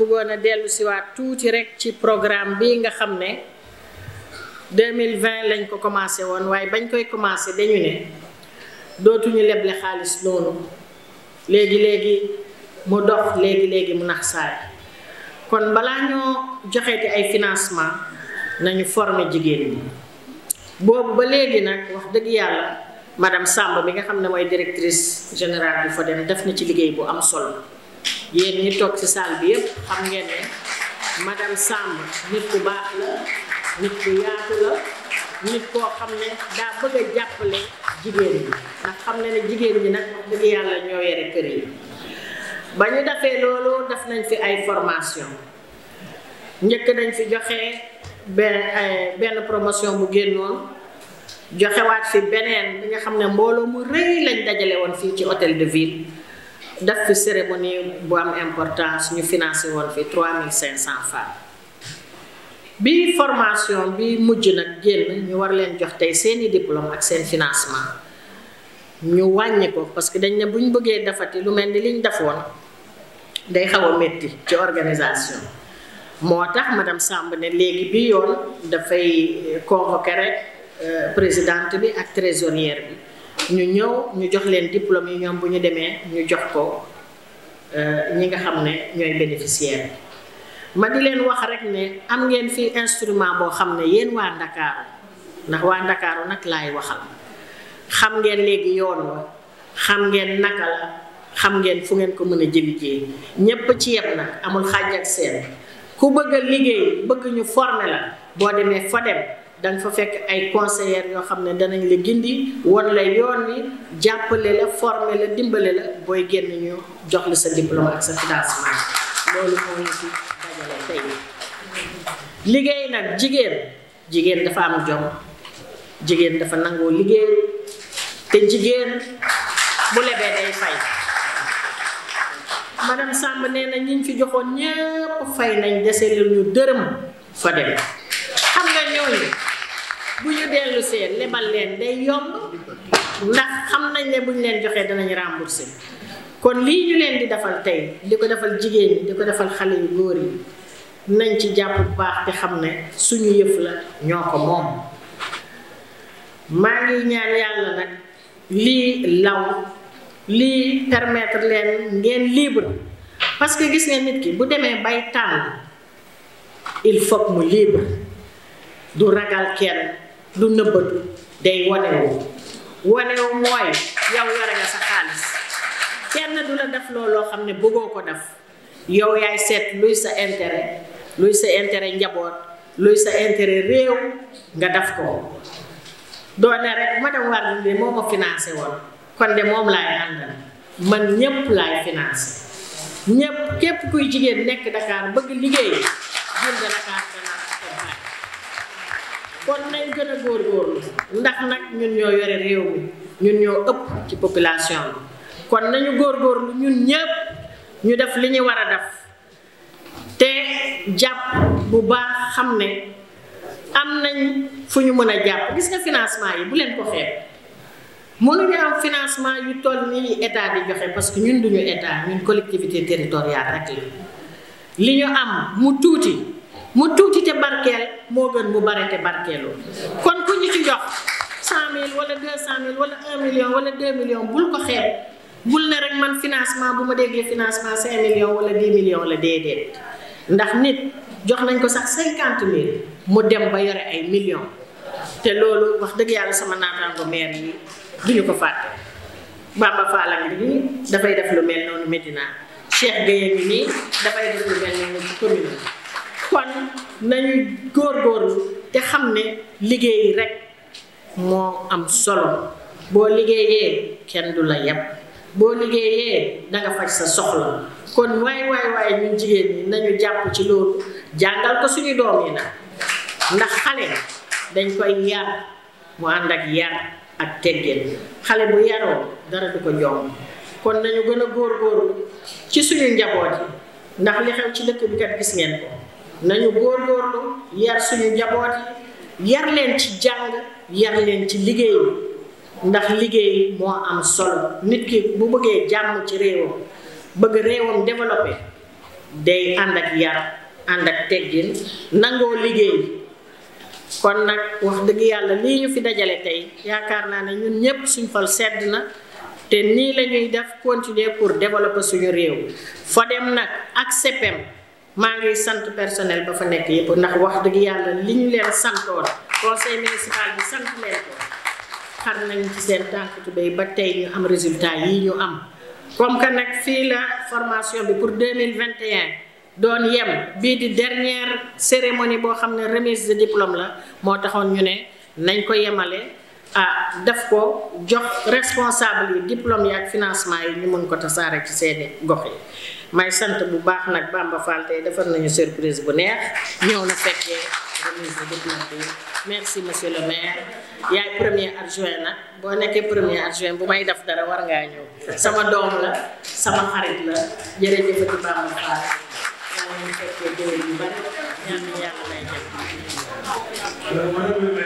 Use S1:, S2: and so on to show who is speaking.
S1: bëggoon a dellusiwaat tuuti rekk ci programme bi nga xam ne 2020 lañ ko commencé woon waaye bañ koy commencé dañu ne dootuñu leble xaalis noonu léegi-léegi mu dox léegi-léegi mu nax saay kon balaa ñoo joxeeti ay financement nañu former jigéen ñi boobu ba léegi nag wax dëgg yàlla madame Samb bi nga xam ne mooy directrice générale bu dem def na ci liggéey bu am solo yéen ñi toog ci salle bi yépp xam ngeen ne madame Samb nit ku baax la nit ku yaatu la nit koo xam ne daa bëgg a jàppale jigéen ñi ndax xam ne ne jigéen bi nag wax dëgg yàlla ñoo yore kër yi ba ñu dafee loolu def nañ fi ay formation njëkk nañ fi joxe benn benn promotion bu génnoon joxewaat fi beneen bi nga xam ne mbooloo mu rëy lañ dajale woon fii ci hôtel de ville def fi cérémonie bu am importance ñu financé woon fi 3500 femmes bi formation bi mujj nag génn ñu war leen jox tey seeni diplôme ak seen financement ñu wàññi ko parce que dañ ne bu ñu bëggee defati lu mel ni liñ defoon day xaw a métti ci organisation moo tax madame Samb ne léegi bi yoon dafay convoqué rek euh, présidente bi ak trésorière bi ñu ñëw ñu jox leen diplôme yi ñoom bu ñu demee ñu jox ko euh, ñi nga xam ne ñooy bénéficiaire bi ma di leen wax rek ne am ngeen fi instrument boo xam ne yéen waa Ndakaaru ndax waa Ndakaaru nag laay waxal xam ngeen léegi yoon wa xam ngeen naka la xam ngeen fu ngeen ko mën a jëlijee ñépp ci yem nag amul xàjj seen ku bëgg a liggéey boo demee fa dem fa fekk ay conseillers yoo xam ne danañ gindi won yoon wi jàppale la former la dimbale la booy génn ñu jox la sa diplôme nag jigéen jigéen dafa am jom jigéen dafa nangoo liggéey te jigéen bu lebee day fay madame Samb nee na ñi ñu fi joxoon ñépp fay nañ dese lu ñu dërëm fa dem xam nga ñooñu bu ñu dellusee see lebal leen day yomb ndax xam nañ ne bu ñu leen joxee danañ remboursé kon lii ñu leen di defal tey di ko defal jigéen ñi di ko defal xale yu góor yi nañ ci jàpp bu baax te xam ne suñu yëf la ñoo ko moom maa ngi ñaan yàlla nag lii law lii permettre leen ngeen libre parce que gis nga nit ki bu demee bay tànn il faut mu libre du ragal kenn du nëbbatu day wanewu wanewu mooy yow yore nga sa xaalis kenn du la def loo xam ne bëggoo ko def yow yaay seet luy sa intérêt luy sa intérêt njaboot luy sa intérêt réew nga def ko doo ne rek madame Wade de moo ma financé woon kon de moom laay àndal man ñépp laay financé ñépp képp kuy jigéen nekk Dakar bëgg liggéey Ville de Dakar danaa accompagner kon nañ gën a góorgóorlu ndax nag ñun ñoo yore réew mi ñun ñoo ëpp ci population bi kon nañu lu ñun ñépp ñu def li ñu war a def te jàpp bu baax xam ne am nañ fu ñu mën a jàpp gis nga financement yi bu leen ko xeet mënuñu am financement yu toll nii état di joxe parce que ñun duñu état ñun collectivité territoriale rek la li ñu am mu tuuti mu tuuti te barkeel moo gën mu bare te barkeeloo kon ku ñu ci jox cent mille wala deux cent mille wala un wala deux millions bul ko xeet bul ne rek man financement bu ma déggee financement cinq millions wala dix millions la déedéet ndax nit jox nañ ko sax cinquante mille mu dem ba yore ay millions te loolu wax dëgg yàlla sama naataango maire yi du ko fàtte Bamba Fall ngi nii dafay def lu mel noonu Medina Cheikh Gueye yi nii dafay def lu mel noonu ci commune kon nañu góorgóorlu te xam ne liggéey rek moo am solo boo liggéeyee kenn du la yàpp boo liggéeyee da nga faj sa soxla kon waay waay waay ñun jigéen ñi nañu jàpp ci loolu jàngal ko suñu doom yi nag ndax xale dañ koy yar mu ànd ak yar ak teggin xale bu yaroo dara du ko jom kon nañu gën a góorgóorlu ci suñu njaboot yi ndax li xew ci dëkk bi kat gis ngeen ko nañu góorgóorlu yar suñu njaboot yi yar leen ci jàng yar leen ci liggéeyul ndax liggéey moo am solo nit ki bu bëggee jàmm ci réewam bëgg réewam développé day ànd ak yar ànd ak teggin nangoo liggéey kon nag wax dëgg yàlla lii ñu fi dajale tey yaakaar naa ne ñun ñépp suñ xol sedd na te nii la ñuy def continuer pour développer suñu réew foo dem nag ak CPM maa ngi sant personnel ba fa nekk yépp ndax wax dëgg yàlla li ñu leen santoon conseil municipal bi sant leen ko xar nañ ci seen tànk ba tey ñu am résultat yii ñu am comme que nag fii la formation bi pour 2021 doon yem bii di dernière cérémonie boo xam ne remise de diplôme la moo taxoon ñu ne nañ ko yemale ah def ko jox responsable yi diplôme yi ak financement yi ñu mën ko tasaare ci seeni gox yi may sant bu baax nag Bamba Fall tey defar nañu surprise bu neex ñëw na fekkee remise de diplôme bi merci monsieur le maire yaay premier adjoint nag boo nekkee premier adjoint bu may def dara war ngaa ñëw sama doom la sama xarit la jërëjëfati Bamba Fall ñu fekkee déwén yu bari ñaan yàlla may jàpp